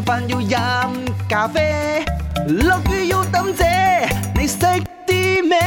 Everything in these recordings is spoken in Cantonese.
食飯要飲咖啡，落雨要等姐，你識啲咩？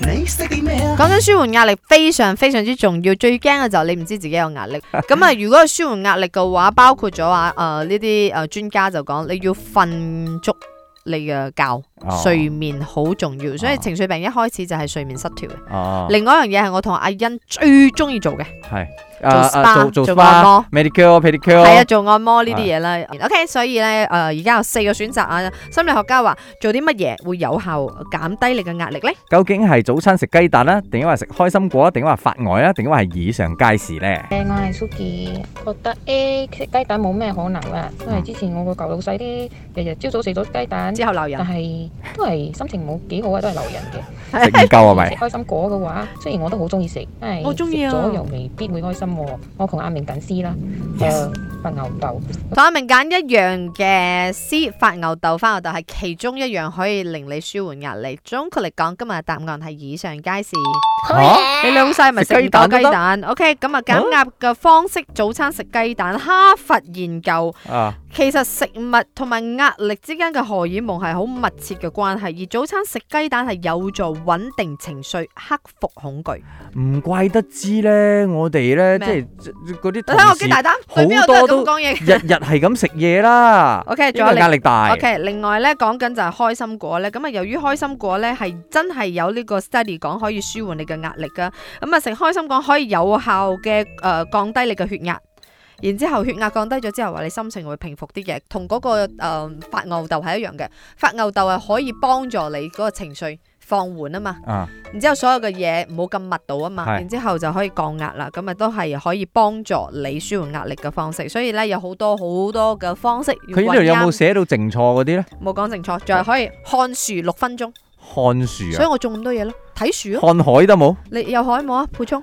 你識啲咩啊？講緊舒緩壓力非常非常之重要，最驚嘅就你唔知自己有壓力。咁啊，如果係舒緩壓力嘅話，包括咗話誒呢啲誒專家就講，你要瞓足你嘅覺。睡眠好重要，所以情緒病一開始就係睡眠失調嘅。另外一樣嘢係我同阿欣最中意做嘅係做 spa、做按摩、medical pedicure，係啊，做按摩呢啲嘢啦。OK，所以咧，誒，而家有四個選擇啊。心理學家話做啲乜嘢會有效減低你嘅壓力咧？究竟係早餐食雞蛋啊，定話食開心果啊，定話發呆啊，定話係以上皆是咧？誒，我係 Suki，覺得誒食雞蛋冇咩可能啦，因為之前我個舊老細啲日日朝早食咗雞蛋之後鬧人，但係。都係心情冇幾好啊，都係留人嘅食啲夠係咪？食開心果嘅話，雖然我都好中意食，但係食咗又未必會開心。我同阿明揀 C 啦，發牛豆。同阿明揀一樣嘅 C 發牛豆翻嚟，係其中一樣可以令你舒緩壓力。總括嚟講，今日嘅答案係以上皆是。吓？你兩細係咪食雞蛋？雞蛋？OK，咁啊減壓嘅方式，早餐食雞蛋。哈佛研究啊。其實食物同埋壓力之間嘅荷爾蒙係好密切嘅關係，而早餐食雞蛋係有助穩定情緒、克服恐懼。唔怪得知呢，我哋呢，么即係嗰啲同事好多，多都，都，都日日係咁食嘢啦。OK，仲有壓力大。OK，另外呢，講緊就係開心果呢。咁啊由於開心果呢係真係有呢個 study 講可以舒緩你嘅壓力噶，咁啊食開心果可以有效嘅誒、呃、降低你嘅血壓。然之後血壓降低咗之後，話你心情會平復啲嘅，同嗰、那個誒發吽豆係一樣嘅。發吽豆係可以幫助你嗰個情緒放緩啊嘛。啊，然之後所有嘅嘢唔好咁密到啊嘛，是然之後就可以降壓啦。咁啊都係可以幫助你舒緩壓力嘅方式。所以咧有好多好多嘅方式。佢呢度有冇寫到靜坐嗰啲咧？冇講靜坐，就係可以看樹六分鐘。看樹啊！所以我種咁多嘢咯，睇樹咯。看、啊、看海得冇？你有海冇啊？補充。